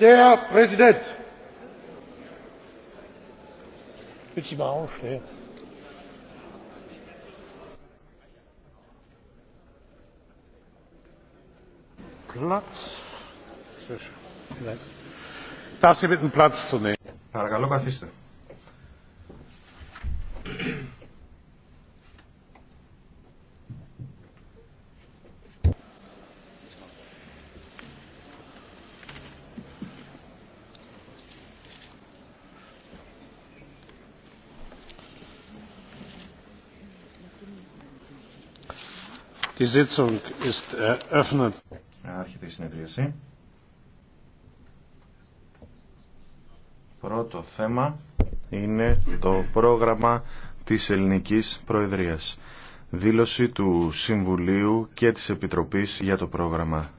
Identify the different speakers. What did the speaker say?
Speaker 1: Der Präsident.
Speaker 2: Willst du mal aufstehen?
Speaker 1: Platz. Sehr schön. Darf
Speaker 3: Sie bitten, Platz zu nehmen? Παρακαλώ, καθίστε. Die Sitzung ist
Speaker 4: eröffnet. Άρχεται η Πρώτο θέμα είναι το πρόγραμμα της Ελληνικής Προεδρίας. Δήλωση του Συμβουλίου και της Επιτροπής για το πρόγραμμα.